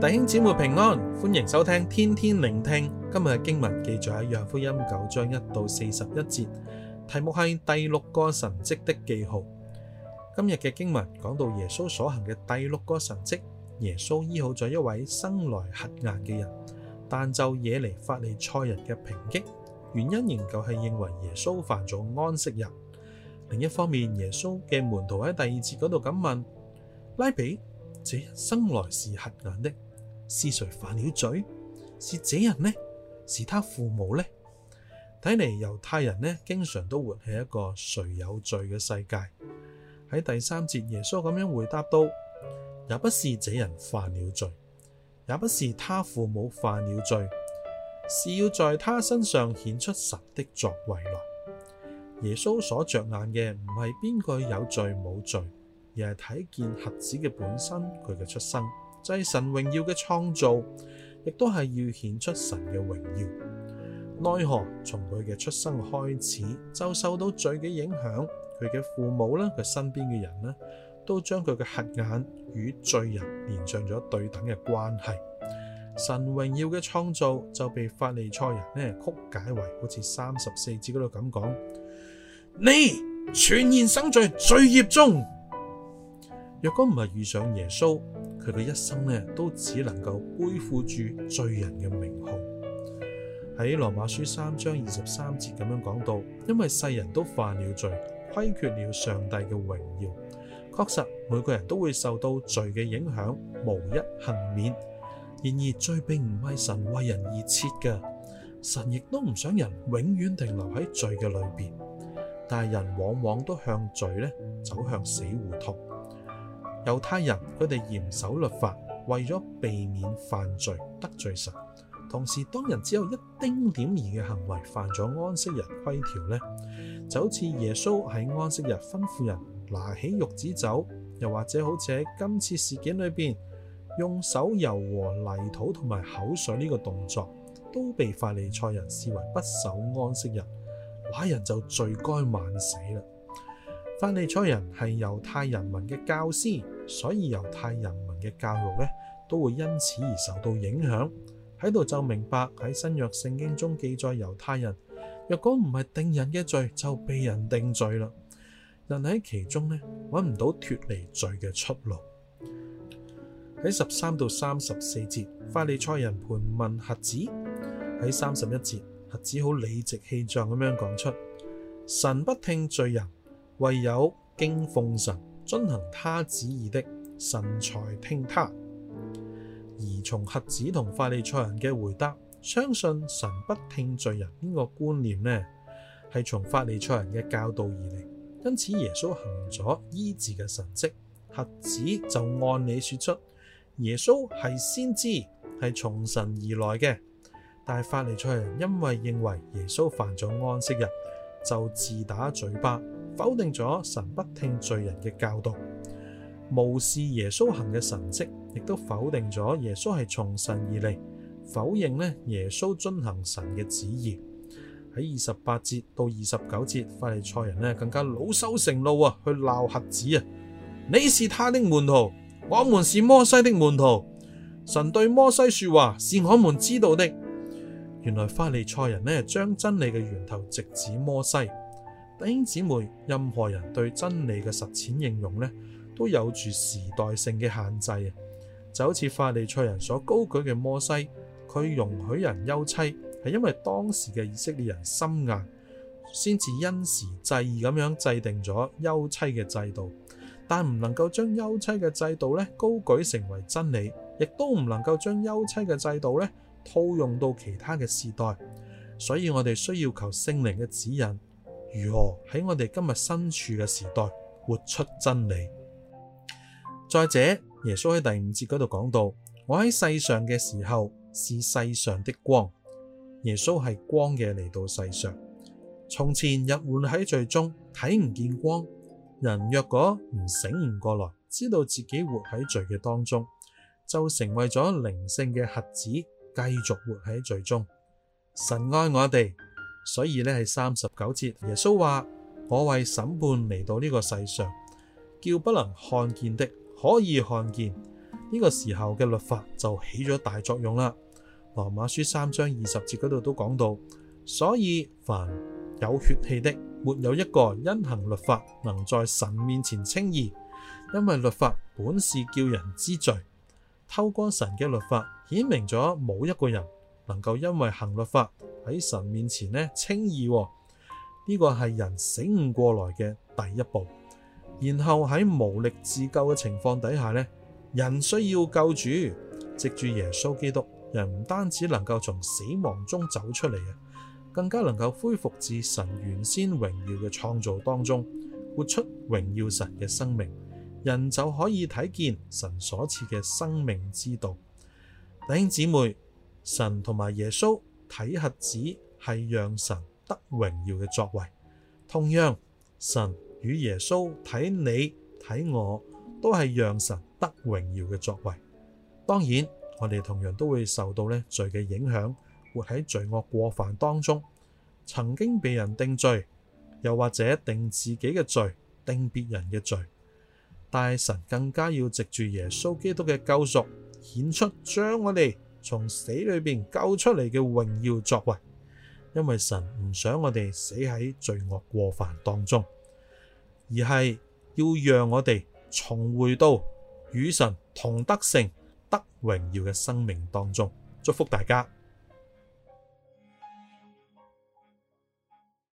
弟兄姊妹平安，歡迎收聽天天聆聽。今日嘅經文記載喺《約翰福音》九章一到四十一節，題目係第六個神蹟的記號。今日嘅經文講到耶穌所行嘅第六個神蹟，耶穌醫好咗一位生來瞎眼嘅人，但就惹嚟法利賽人嘅抨擊，原因仍舊係認為耶穌犯咗安息日。另一方面，耶穌嘅門徒喺第二節嗰度咁問：拉比，這生來是瞎眼的？是誰犯了罪？是這人呢？是他父母呢？睇嚟猶太人呢，經常都活喺一個誰有罪嘅世界。喺第三節耶穌咁樣回答到：也不是這人犯了罪，也不是他父母犯了罪，是要在他身上顯出神的作為來。耶穌所着眼嘅唔係邊個有罪冇罪，而係睇見瞎子嘅本身，佢嘅出生。就是神榮耀嘅創造，亦都係要顯出神嘅榮耀。奈何從佢嘅出生開始，就受到罪嘅影響，佢嘅父母咧，佢身邊嘅人呢，都將佢嘅瞎眼與罪人連上咗對等嘅關係。神榮耀嘅創造就被法利賽人咧曲解為好似三十四節嗰度咁講：你全然生在罪孽中。若果唔係遇上耶穌。佢嘅一生呢，都只能夠背負住罪人嘅名號，喺羅馬書三章二十三節咁樣講到，因為世人都犯了罪，虧缺了上帝嘅榮耀。確實，每個人都會受到罪嘅影響，無一幸免。然而，罪並唔係神為人而設嘅，神亦都唔想人永遠停留喺罪嘅裏邊。但人往往都向罪呢走向死胡同。猶太人佢哋嚴守律法，為咗避免犯罪得罪神。同時，當人只有一丁點嘅行為犯咗安息日規條呢，就好似耶穌喺安息日吩咐人拿起褥子走，又或者好似喺今次事件裏邊，用手油和泥土同埋口水呢個動作，都被法利賽人視為不守安息日，那人就罪該萬死啦。法利賽人係猶太人民嘅教師。所以猶太人民嘅教育咧，都會因此而受到影響，喺度就明白，喺新約聖經中記載猶太人若果唔係定人嘅罪，就被人定罪啦。人喺其中呢，揾唔到脫離罪嘅出路。喺十三到三十四節，法利賽人盤問瞎子，喺三十一節，瞎子好理直氣壯咁樣講出，神不聽罪人，唯有敬奉神。遵行他旨意的神才聽他，而從瞎子同法利賽人嘅回答，相信神不聽罪人呢個觀念呢，係從法利賽人嘅教導而嚟。因此耶穌行咗醫治嘅神蹟，瞎子就按理說出耶穌係先知，係從神而來嘅。但係法利賽人因為認為耶穌犯咗安息日，就自打嘴巴。否定咗神不聽罪人嘅教導，無視耶穌行嘅神蹟，亦都否定咗耶穌係從神而嚟，否認呢耶穌遵行神嘅旨意。喺二十八節到二十九節，法利賽人呢更加惱羞成怒啊，去鬧瞎子啊！你是他的門徒，我們是摩西的門徒，神對摩西說話是我們知道的。原來法利賽人呢，將真理嘅源頭直指摩西。弟兄姊妹，任何人對真理嘅實踐應用咧，都有住時代性嘅限制啊。就好似法利賽人所高舉嘅摩西，佢容許人休妻，係因為當時嘅以色列人心硬，先至因時制宜咁樣制定咗休妻嘅制度。但唔能夠將休妻嘅制度咧高舉成為真理，亦都唔能夠將休妻嘅制度咧套用到其他嘅時代。所以我哋需要求聖靈嘅指引。如何喺我哋今日身處嘅時代活出真理？再者，耶穌喺第五節嗰度講到：我喺世上嘅時候，是世上的光。耶穌係光嘅嚟到世上。從前人活喺罪中，睇唔見光。人若果唔醒悟過來，知道自己活喺罪嘅當中，就成為咗靈性嘅瞎子，繼續活喺罪中。神愛我哋。所以呢，係三十九節，耶穌話：我為審判嚟到呢個世上，叫不能看見的可以看見。呢個時候嘅律法就起咗大作用啦。羅馬書三章二十節嗰度都講到，所以凡有血氣的，沒有一個因行律法能在神面前稱義，因為律法本是叫人知罪。偷光神嘅律法，顯明咗冇一個人。能夠因為行律法喺神面前呢，稱義，呢個係人醒悟過來嘅第一步。然後喺無力自救嘅情況底下呢，人需要救主，藉住耶穌基督，人唔單止能夠從死亡中走出嚟啊，更加能夠恢復至神原先榮耀嘅創造當中，活出榮耀神嘅生命，人就可以睇見神所賜嘅生命之道。弟兄姊妹。神同埋耶穌睇瞎子係讓神得榮耀嘅作為，同樣神與耶穌睇你睇我都係讓神得榮耀嘅作為。當然，我哋同樣都會受到咧罪嘅影響，活喺罪惡過犯當中，曾經被人定罪，又或者定自己嘅罪，定別人嘅罪。但係神更加要藉住耶穌基督嘅救贖，顯出將我哋。從死裏面救出嚟嘅榮耀作為，因為神唔想我哋死喺罪惡過犯當中，而係要讓我哋重回到與神同得成得榮耀嘅生命當中。祝福大家!